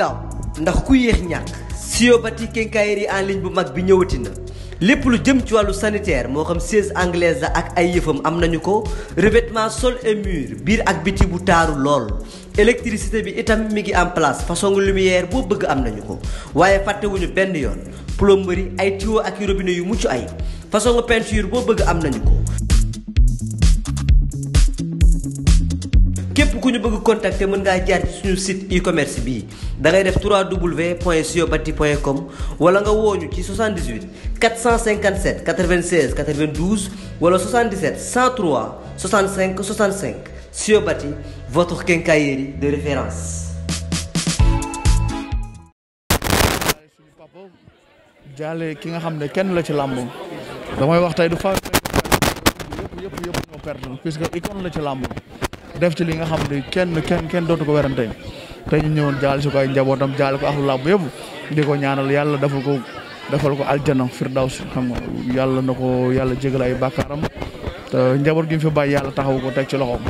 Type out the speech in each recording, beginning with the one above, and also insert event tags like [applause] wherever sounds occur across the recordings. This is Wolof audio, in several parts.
gaaw ndax ku yéex ñàkk siyobati quincaillerie en ligne bu mag bi ñëwati na lépp lu jëm ci wàllu sanitaire moo xam siège anglaise la ak ay yëfam am nañu ko revêtement sol et mur biir ak biti bu taaru lool électricité bi itam mi ngi en place façon lumière boo bëgg am nañu ko waaye fàttewuñu benn yoon plomberie ay tuyaux ak robinet yu mucc ay façon peinture boo bëgg am nañu ko képp ku ñu bëgg contacter mën ngaa jaar ci suñu site e-commerce bii da ngay def 3w point siobati point com wala nga wooñu ci 78 457 96 92 wala 77 103 65 65 siobati votre quincaillerie de référence. jaale ki nga xam ne kenn la ci làmb damay wax tey du fa yëpp yëpp yëpp ñoo perte puisque icône la ci làmb def ci li nga xam ne kenn kenn kenn dootu ko werante tey ñu ñëwoon jaal si ko ay njabootam jaal ko axlu làmb yëpp di ko ñaanal yàlla defal ko defal ko aljana daw xam nga yàlla na ko yàlla jégal ay bàkkaaram te njaboot gi mu fi bàyyi yàlla taxaw ko teg ci loxoom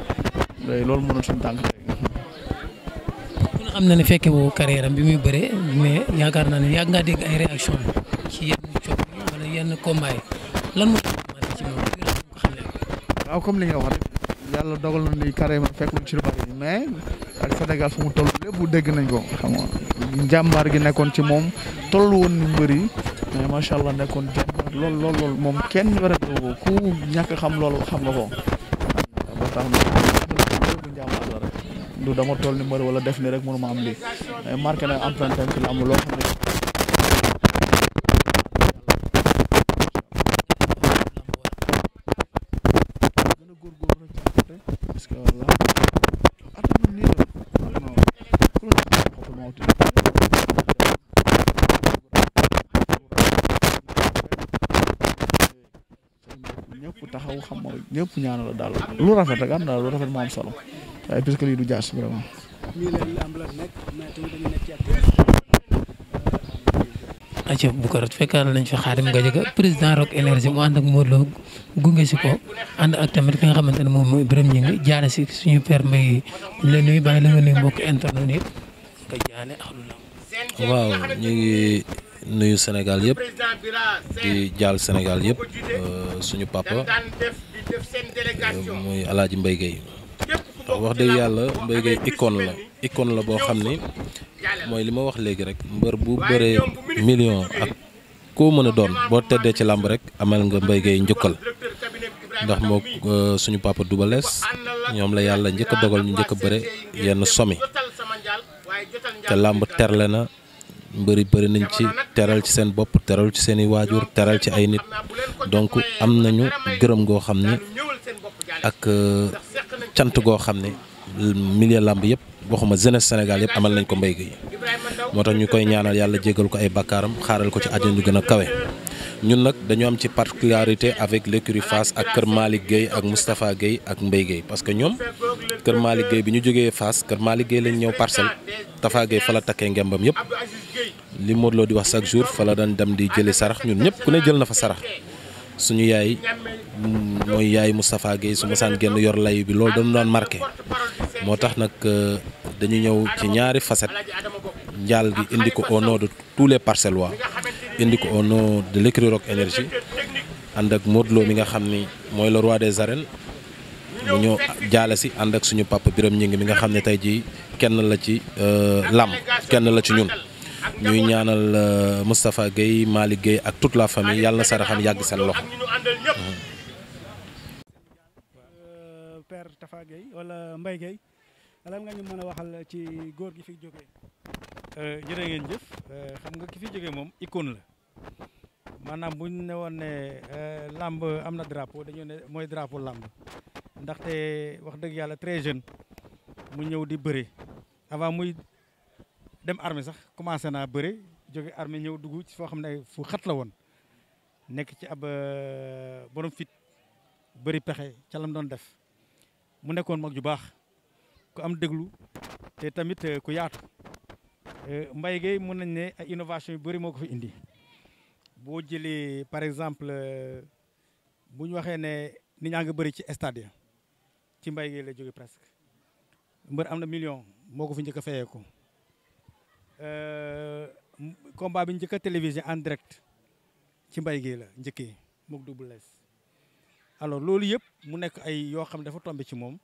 loolu mënoon suñu tànk tey. ku ne na ne fekke woo bi muy bëree mais yaakaar naa ne yàgg ngaa dégg ay réaction ci yenn coono wala yenn combat lan moo tax ci moom waaw comme li nga wax rek yàlla dogal na ni carrément fekkul ci lu bari mais ak Sénégal fu mu toll lépp dégg nañ ko xam nga njàmbaar gi nekkoon ci moom toll woon ni mbër yi mais macha allah nekkoon jàmbaar lool lool moom kenn werante ko ku ñàkk xam loolu xam nga ko ba tax na njàmbaar la rek du dama toll ni mbër wala def ni rek mënuma am lii marqué na empreinte am ci la am loo xam ne xam nga ñëpp ñaanu la daal lu rafet rek am daal lu rafet moo am solo waaye puisque lii du jaas vraiment. aca bu ko rot fekkaale nañ fi Khadim Gadiaga président Rock Énergie mu ànd ak Modou Lo gunge si ko ànd ak tamit ki nga xamante ne moom mooy Birame Ngingue jaane si suñu père mbay ñu leen nuyu bàyyi la nga nuyu mbokk internet yëpp nga jaane ak lu waaw ñu nuyu senegal yëpp di jaal Sénégal yëpp euh, suñu papa euh, muy El Hadj Mbaye wax dëgg yàlla Mbaye Guèye icône la icône la boo xam ni mooy li ma wax léegi rek mbër bu bëree million ak koo mën a doon boo teddee ci làmb rek amal nga Mbaye Guèye njukkal ndax moo euh, suñu papa Double ñoom la yàlla njëkk dogal ñu njëkk a bëre yenn somi te làmb terle na mbëri bëri nañ ci teral ci seen bopp teral ci seeni i waajur teral ci ay nit donc am nañu gërëm goo xam ne ak euh, cant goo xam ne milieu làmb yëpp waxuma jeunesse Sénégal yëpp amal nañ ko mbéy gi moo tax ñu koy ñaanal yàlla jégal ko ay bakkaaram xaaral ko ci àjjana ñu gën a kawe. ñun nag dañu am ci particularité avec l'écurie Fass ak Kër Malick Gueye ak Moustapha Gueye ak Mbaye Gueye parce que ñoom. kër Malick Gueye bi ñu jógee Fass kër Malick liggéey lañ ñëw parcel Tafa Gueye fa la takkee ngembam yëpp li Modou Lo di wax chaque jour fa la daan dem di jëli sarax ñun ñëpp ku ne jël na fa sarax suñu yaay mooy yaay Moustapha Gueye su ma saan yor lay bi loolu dañu daan marqué moo tax nag euh, dañu ñëw ci ñaari facette njaal gi indi ko au nom de tous les parcelles waa indi ko au nom de l'écurie Rock Énergie ànd ak Modou Lo mi nga xam ni mooy le roi des arènes mu ñëw jaale si ànd ak suñu papa biram ñi ngi mi nga xam ne tey jii kenn la ci euh, làmb kenn la ci ñun ñuy ñaanal euh, Moustapha Guèye Malick Guèye ak toute la famille yàlla na saraxam yàgg seen loxo. Euh, père Tafa Guèye wala Mbaye Guèye lan nga ñu mën a waxal ci góor gi fi jóge jërë ngeen jëf xam nga ki fi jógee moom icône la maanaam bu ñu ne woon ne làmb am na drapeau dañoo ne mooy drapo làmb ndaxte wax dëgg yàlla très jeune mu ñëw di bëre avant muy dem armée sax commencé naa bëre jóge armée ñëw dugg ci foo xam ne fu xat la woon nekk ci ab euh, borom fit bëri pexe ca lam doon def mu nekkoon mag ju baax ku am déglu te tamit euh, ku yaatu euh, mbay Gueye mun nañ ne ay innovation yu bëri moo ko fi indi boo jëlee par exemple bu ñu waxee ne nit ñaa ngi bëri ci stade ci mbay gi la jóge presque mbër am na million moo ko fi njëkk a fayee ko euh, combat bi njëkk a télévisé en direct ci mbay gi la njëkkee mook Double Less alors loolu yëpp mu nekk ay yoo xam ne dafa tombé ci moom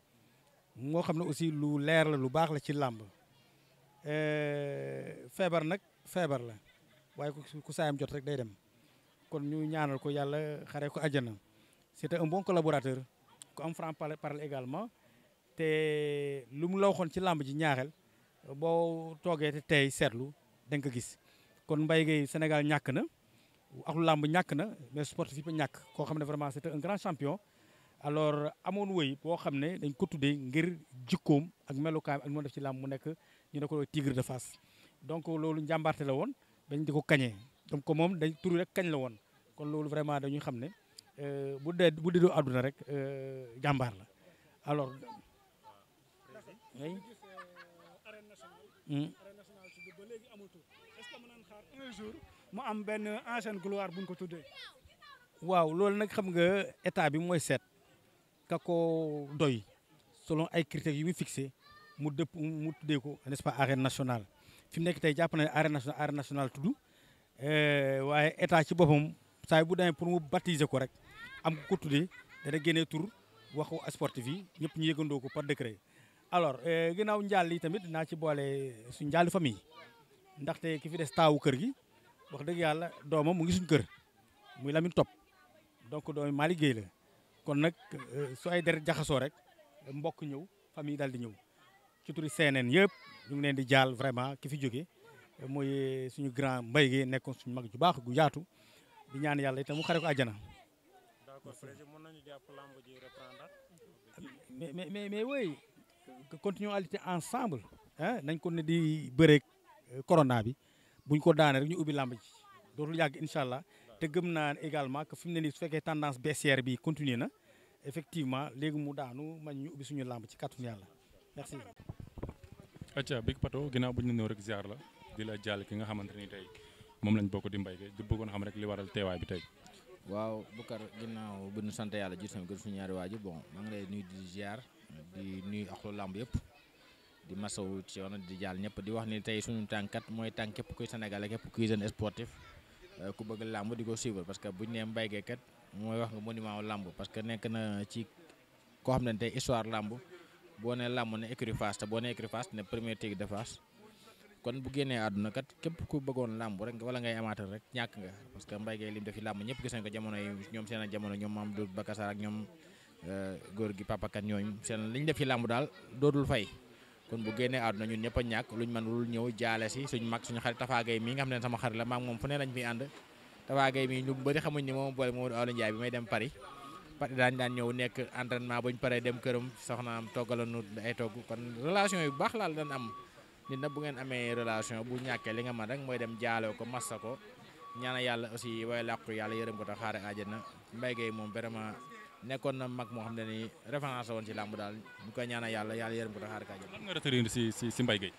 moo xam ne aussi lu leer la lu baax la ci làmb euh, feebar nag feebar la waaye ku saayam jot rek day dem kon ñu ñaanal ko yàlla xaree ko àjjana c'était un bon collaborateur ku am franc parler également te lu mu la waxoon ci làmb ji ñaareel boo toogee te tey seetlu da ko gis kon mbay Guèye Sénégal ñàkk na ak làmb ñàkk na mais sportif yëpp ñàkk koo xam ne vraiment c'est un grand champion alors amoon woy boo xam ne dañ ko tuddee ngir jikkoom ak melukaay ak moo ci làmb mu nekk ñu ne ko tigre de Fass donc loolu njàmbaarte la woon dañ di ko kañee donc moom dañ turu rek kañ la woon kon loolu vraiment dañuy xam ne Euh, bu dee bu dee àdduna rek euh, jàmbaar la alors. mu am benn ancienne gloire bu ñu ko tuddee. waaw loolu nag xam nga état bi mooy seet ka ko doy selon ay critères yu muy fixé mu dëpp mu tuddee ko n'est-ce pas arène nationale. fi mu nekk tey jàpp na arène nationale arène nationale tudd euh, waaye état ci boppam saa bu demee pour mu baptiser ko rek. am ku ko tuddee dana génnee tur waxu sportif yi ñëpp ñu yëgandoo ko par décret. alors euh, ginnaaw njaal yi tamit naa ci boole suñu njaal famille ndaxte ki fi des taawu kër gi wax dëgg yàlla doomam mu ngi suñ kër muy Lamine Top donc doom maa liggéey la kon nag euh, su ay deret jaxasoo rek mbokk ñëw famille daal di ñëw ci turi CNN yëpp ñu ngi leen di jaal vraiment ki fi jóge mooy suñu grand mbay gi nekkoon suñu mag ju baax gu yaatu di ñaan yàlla itam mu xare ko mën nañu jàpp lamb ji reprendre mais mais mais oui que continualité ensemble ah nañ kon ne di bëreeg euh, corona bi buñ ko daane rek ñu ubbi lamb ji dootul yàgg incha allah te gëm naa également que fi mu ne nii su fekkee tendance baissière bi continuer na effectivement léegi mu daanu mañ ñu ubbi suñu lamb ci kàttanu yàlla merci. acca Big Pato ginnaaw bu ñu ñëw rek ziar la di la jàll ki nga xamante ni tey moom lañ bokk di mbay di bëggoon xam rek li waral teewaay bi tey. waaw Boucar ginnaaw bu ñu sant yàlla jiitu sama gën suñu ñaari waajur bon maa ngi lay di jaar di nuyu ak lu làmb yëpp di masawu ci yoon di jàll ñëpp di wax ni tey suñu tànkat mooy tànk képp kuy sénégalais képp kuy jeune euh, ku bëgg làmb di ko suivre parce que buñu nee Mbaye Gueye kat mooy wax nga monument làmb parce que nekk na ci koo xam ne tey histoire làmb boo nee làmb ne écurie Fass te boo nee écurie Fass ne premier tigre de Fass kon bu génnee àdduna kat képp ku bëggoon làmb rek wala ngay amaatal rek ñàkk nga parce que Mbaye lim def fi làmb ñëpp gis nañ jamono yi ñoom seen jamono ñoom maam Doudou Bakassar ak ñoom euh, góor gi papa kat bu génnee àdduna ñun ñëpp a ñàkk luñ mën lul ñëw jaale si suñ mag suñu xarit Tafa Gueye mii nga xam ne sama xarit la maam moom fu ne lañ fi ànd Tafa Gueye mii ñu bëri xamuñ ni moom boole Mamadou Aly Ndiaye bi may dem Paris parce que daañu daan ñëw nekk entraînement buñ paree dem këram soxnaam toggalanu ay togg kon relation yu baax laal dañ am nit nag bu ngeen amee relation bu ñàkkee li nga man rek mooy dem jaaloo ko massa ko ñaana yàlla aussi way làqu yàlla yërëm ko te xaare àjjana Mbaye Gueye moom vraiment nekkoon na mag moo xam ne ni référence woon ci làmb daal ñu koy yàlla yàlla yërëm ko te xaare ko àjjana lan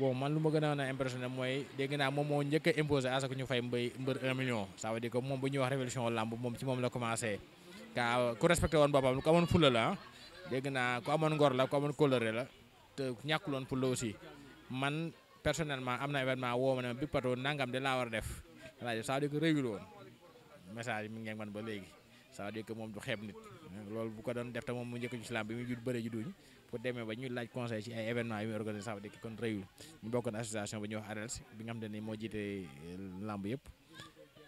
nga man lu ma gën a na impressionné mooy dégg naa moom moo njëkk a imposé à ce que ñu fay mbay mbër 1 million ça veut dire moom bu ñuy wax révolution làmb moom ci moom la commencé ka ku respecté woon boppam ku amoon fulla la dégg naa ku amoon ngor la ku amoon coloré la te ñàkkuloon fulla aussi man personnellement am na événement woo ma ne Pato nangam de laa war a def rajo ça veut dire woon message yi mi ngi man ba léegi ça veut dire moom du xeeb nit loolu bu ko doon def te moom mu njëkk ci islam bi muy jut bëre ju duñ pour demee ba ñu laaj conseil ci ay événement yi muy organisé ça veut dire que kon réyul ñu bokkoon association ba ñuy wax bi nga xam ne ni moo jiite làmb yëpp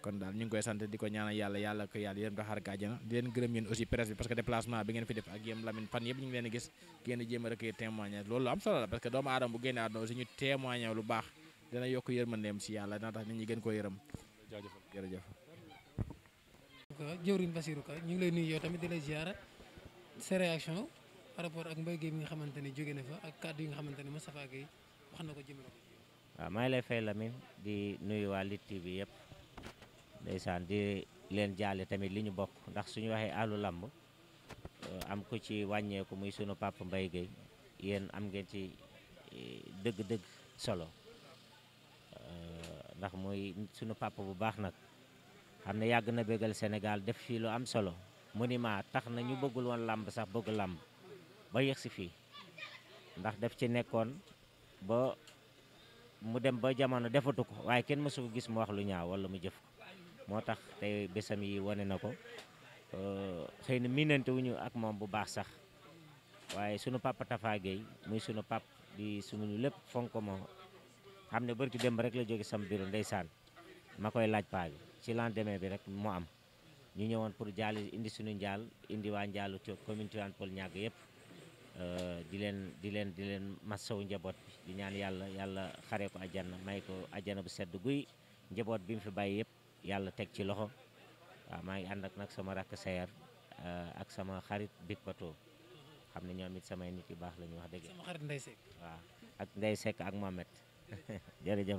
kon daal ñu ngi koy sant di ko ñaanal yàlla yàlla ko yàlla yërëm ta xaar ka àjjana di leen gërëm yéen aussi presse bi parce bi ngeen fi def ak yéen Lamine fan yëpp ñu ngi leen gis ngeen a lu baax dina yokk yërmandeem si yàlla dina tax nit ñi gën koo yërëm jaajëfal jërëjëf jëwriñ Bassirou ñu ngi lay nuyu yow tamit di lay ziara sa réaction par rapport ak Mbaye Guèye mi nga xamante ne jóge na fa ak kàddu yi nga xamante ne Moustapha Guèye wax na ko jëmale ko waaw la ngi lay fay Lamine di nuyu waa Lutte bi yëpp ndeysaan di leen jaale tamit li ñu bokk ndax su ñu waxee àllu làmb eh, am ko ci wàññeeku muy sunu papa mbay géey yéen am ngeen ci eh, dëgg-dëgg solo eh, ndax mooy sunu pàpp bu baax nag xam ne yàgg na bégal Sénégal def fii lu am solo mu ni monument tax na ñu bëggul woon làmb sax bëgg làmb ba yëg si fii ndax daf ci nekkoon ba mu dem ba jamono defatu ko waaye kenn mësu ko gis mu wax lu ñaaw wala mu jëf ko moo tax tey bésam yi wane na ko euh, xëy na miinante wuñu ak moom bu baax sax waaye sunu papa Tafa muy sunu pap di suñu lépp fonk ko moo xam ne bërki démb rek la jóge sama bureau ndeysaan ma koy laaj paa ci ci lendemain bi rek mu am ñu ñëwoon pour jaali indi suñu njaal indi waa njaalu ci commune Tivaouane Peulh ñàgg yëpp euh, di leen di leen di leen massawu njaboot bi di ñaan yàlla yàlla xaree ko àjjana may ko àjjana bu sedd guy njaboot bi mu fi bàyyi yëpp yàlla teg ci loxo maa ngi ànd ak nag sama rakk sayar euh, ak sama xarit Big Pato xam ne ñoom it sama nit yu baax la ñu wax dëgg. sama xarit Ndeye ak Ndeye Seck ak Mohamed [laughs] jërëjëf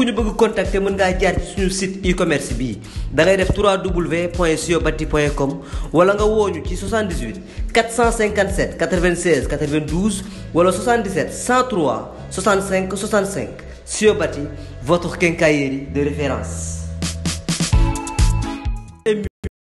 ku ñu bëgg contacter mën ngaa jaar ci suñu site e-commerce bii da ngay def 3w point siobati point com wala nga wooñu ci 78 457 96 92 wala 77 103 65 65 siobati votre quincaillerie de référence